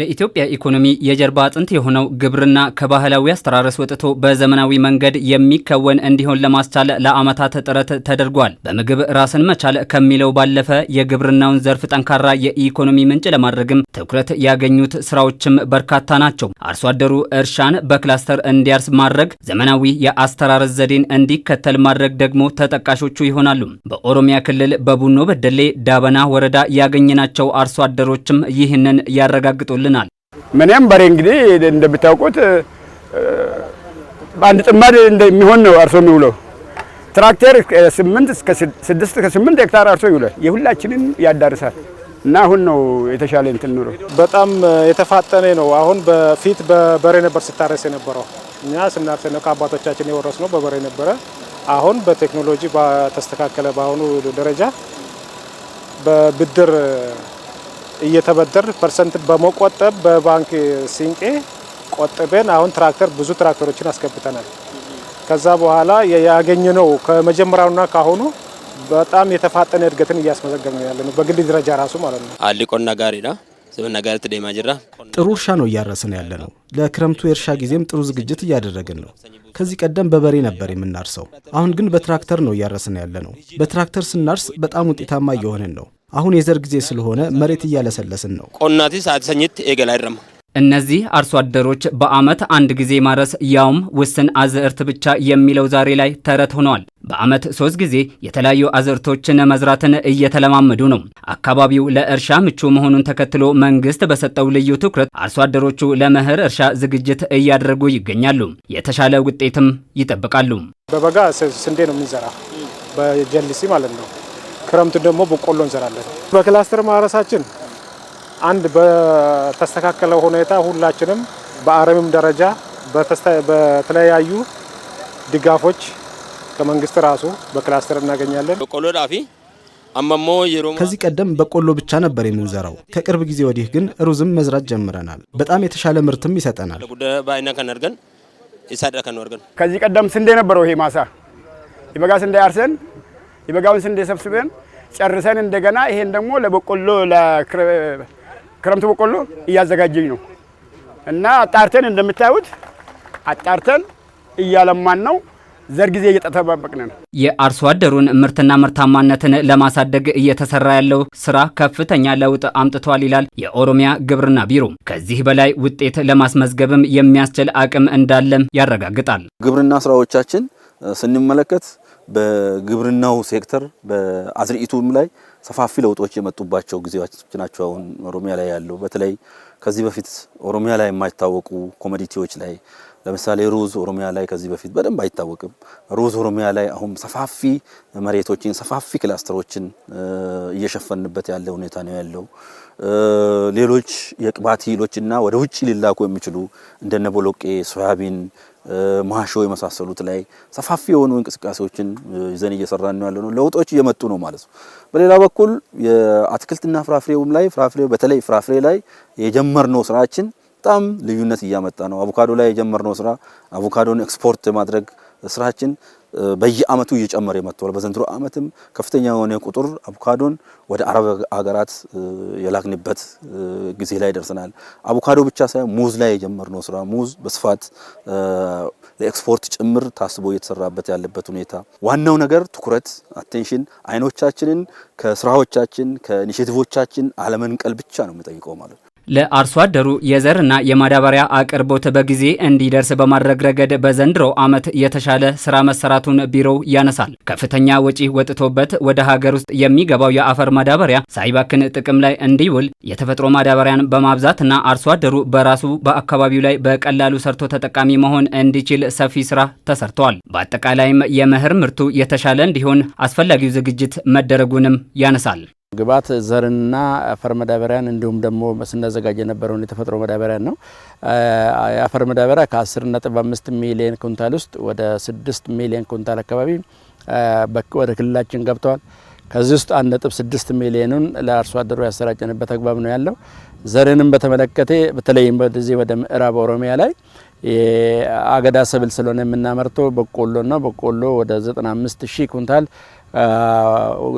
ለኢትዮጵያ ኢኮኖሚ የጀርባ አጥንት የሆነው ግብርና ከባህላዊ አስተራረስ ወጥቶ በዘመናዊ መንገድ የሚከወን እንዲሆን ለማስቻል ለዓመታት ጥረት ተደርጓል። በምግብ ራስን መቻል ከሚለው ባለፈ የግብርናውን ዘርፍ ጠንካራ የኢኮኖሚ ምንጭ ለማድረግም ትኩረት ያገኙት ስራዎችም በርካታ ናቸው። አርሶ አደሩ እርሻን በክላስተር እንዲያርስ ማድረግ፣ ዘመናዊ የአስተራረስ ዘዴን እንዲከተል ማድረግ ደግሞ ተጠቃሾቹ ይሆናሉ። በኦሮሚያ ክልል በቡኖ በደሌ ዳበና ወረዳ ያገኘናቸው አርሶ አደሮችም ይህንን ያረጋግጡልን ይገልጽልናል። ምንም በሬ እንግዲህ እንደምታውቁት በአንድ ጥማድ እንደሚሆን ነው አርሶ የሚውለው። ትራክተር ስድስት ከስምንት ሄክታር አርሶ ይውላል። የሁላችንን ያዳርሳል እና አሁን ነው የተሻለ እንትን ኑሮ በጣም የተፋጠነ ነው። አሁን በፊት በበሬ ነበር ስታረስ የነበረው እኛ ስናርስ ነው ከአባቶቻችን የወረስ ነው በበሬ ነበረ። አሁን በቴክኖሎጂ በተስተካከለ በአሁኑ ደረጃ በብድር እየተበደር ፐርሰንት በመቆጠብ በባንክ ሲንቄ ቆጥበን አሁን ትራክተር ብዙ ትራክተሮችን አስገብተናል። ከዛ በኋላ ያገኘነው ከመጀመሪያውና ካሁኑ በጣም የተፋጠነ እድገትን እያስመዘገብን ያለ ነው፣ በግል ደረጃ ራሱ ማለት ነው። አሊቆና ጋሪና ጥሩ እርሻ ነው እያረስን ያለ ነው። ለክረምቱ የእርሻ ጊዜም ጥሩ ዝግጅት እያደረግን ነው። ከዚህ ቀደም በበሬ ነበር የምናርሰው፣ አሁን ግን በትራክተር ነው እያረስን ያለ ነው። በትራክተር ስናርስ በጣም ውጤታማ እየሆንን ነው። አሁን የዘር ጊዜ ስለሆነ መሬት እያለሰለስን ነው። ቆናቲ ሳትሰኝት ኤገል አይረማ እነዚህ አርሶ አደሮች በዓመት አንድ ጊዜ ማረስ ያውም ውስን አዝዕርት ብቻ የሚለው ዛሬ ላይ ተረት ሆኗል። በዓመት ሶስት ጊዜ የተለያዩ አዝዕርቶችን መዝራትን እየተለማመዱ ነው። አካባቢው ለእርሻ ምቹ መሆኑን ተከትሎ መንግስት በሰጠው ልዩ ትኩረት አርሶ አደሮቹ ለመኸር እርሻ ዝግጅት እያደረጉ ይገኛሉ። የተሻለ ውጤትም ይጠብቃሉ። በበጋ ስንዴ ነው የሚዘራ በጀልሲ ማለት ነው። ክረምት ደግሞ በቆሎ እንዘራለን። በክላስተር ማረሳችን አንድ በተስተካከለ ሁኔታ ሁላችንም በአረምም ደረጃ በተለያዩ ድጋፎች ከመንግስት ራሱ በክላስተር እናገኛለን። በቆሎ ዳፊ ከዚህ ቀደም በቆሎ ብቻ ነበር የምንዘራው። ከቅርብ ጊዜ ወዲህ ግን ሩዝም መዝራት ጀምረናል። በጣም የተሻለ ምርትም ይሰጠናል። ከዚህ ቀደም ስንዴ ነበረው ይሄ ማሳ የበጋ ስንዴ አርሰን የበጋውን ስንዴ ሰብስበን ጨርሰን እንደገና ይሄን ደግሞ ለበቆሎ ለክረምት በቆሎ እያዘጋጀኝ ነው እና አጣርተን እንደምታዩት አጣርተን እያለማን ነው። ዘር ጊዜ እየተጠባበቅን ነው። የአርሶ አደሩን ምርትና ምርታማነትን ለማሳደግ እየተሰራ ያለው ስራ ከፍተኛ ለውጥ አምጥቷል ይላል የኦሮሚያ ግብርና ቢሮ። ከዚህ በላይ ውጤት ለማስመዝገብም የሚያስችል አቅም እንዳለም ያረጋግጣል። ግብርና ስራዎቻችን ስንመለከት በግብርናው ሴክተር በአዝርዕቱም ላይ ሰፋፊ ለውጦች የመጡባቸው ጊዜዎች ናቸው። አሁን ኦሮሚያ ላይ ያለው በተለይ ከዚህ በፊት ኦሮሚያ ላይ የማይታወቁ ኮሞዲቲዎች ላይ ለምሳሌ ሩዝ ኦሮሚያ ላይ ከዚህ በፊት በደንብ አይታወቅም። ሩዝ ኦሮሚያ ላይ አሁን ሰፋፊ መሬቶችን ሰፋፊ ክላስተሮችን እየሸፈንበት ያለ ሁኔታ ነው ያለው። ሌሎች የቅባት እህሎችና ወደ ውጭ ሊላኩ የሚችሉ እንደነ ቦሎቄ፣ ሶያቢን፣ ማሾ የመሳሰሉት ላይ ሰፋፊ የሆኑ እንቅስቃሴዎችን ይዘን እየሰራን ነው ያለነው። ለውጦች እየመጡ ነው ማለት ነው። በሌላ በኩል የአትክልትና ፍራፍሬውም ላይ ፍራፍሬው በተለይ ፍራፍሬ ላይ የጀመርነው ስራችን በጣም ልዩነት እያመጣ ነው። አቮካዶ ላይ የጀመርነው ስራ አቮካዶን ኤክስፖርት ማድረግ ስራችን በየአመቱ እየጨመረ መጥቷል። በዘንድሮ አመትም ከፍተኛ የሆነ ቁጥር አቮካዶን ወደ አረብ ሀገራት የላክንበት ጊዜ ላይ ደርሰናል። አቮካዶ ብቻ ሳይሆን ሙዝ ላይ የጀመርነው ስራ ሙዝ በስፋት ለኤክስፖርት ጭምር ታስቦ እየተሰራበት ያለበት ሁኔታ ዋናው ነገር ትኩረት አቴንሽን አይኖቻችንን ከስራዎቻችን ከኢኒሼቲቮቻችን አለመንቀል ብቻ ነው የሚጠይቀው ማለት ነው። ለአርሶ አደሩ የዘርና የማዳበሪያ አቅርቦት በጊዜ እንዲደርስ በማድረግ ረገድ በዘንድሮ ዓመት የተሻለ ስራ መሰራቱን ቢሮው ያነሳል። ከፍተኛ ወጪ ወጥቶበት ወደ ሀገር ውስጥ የሚገባው የአፈር ማዳበሪያ ሳይባክን ጥቅም ላይ እንዲውል የተፈጥሮ ማዳበሪያን በማብዛትና አርሶ አደሩ በራሱ በአካባቢው ላይ በቀላሉ ሰርቶ ተጠቃሚ መሆን እንዲችል ሰፊ ስራ ተሰርተዋል። በአጠቃላይም የመኸር ምርቱ የተሻለ እንዲሆን አስፈላጊው ዝግጅት መደረጉንም ያነሳል። ግባት ዘርንና አፈር መዳበሪያን እንዲሁም ደግሞ ስናዘጋጅ የነበረውን የተፈጥሮ መዳበሪያን ነው። የአፈር መዳበሪያ ከ 5 ሚሊዮን ኩንታል ውስጥ ወደ 6 ሚሊዮን ኩንታል አካባቢ ወደ ክልላችን ገብተዋል። ከዚህ ውስጥ አንድ ስድስት ሚሊዮኑን ለአርሶ አደሩ ያሰራጨንበት አግባብ ነው ያለው። ዘርንም በተመለከተ በተለይም በዚህ ወደ ምዕራብ ኦሮሚያ ላይ የአገዳ ሰብል ስለሆነ የምናመርተው በቆሎና በቆሎ ወደ 95 ሺህ ኩንታል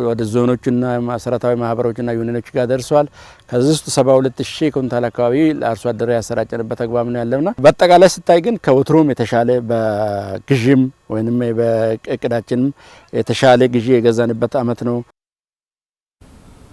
ወደ ዞኖቹና መሰረታዊ ማህበሮችና ዩኒኖች ጋር ደርሰዋል። ከዚህ ውስጥ 72 ሺህ ኩንታል አካባቢ ለአርሶ አደር ያሰራጨንበት አግባብ ነው ያለውና በአጠቃላይ ስታይ ግን ከወትሮም የተሻለ በግዥም ወይም በእቅዳችንም የተሻለ ግዢ የገዛንበት አመት ነው።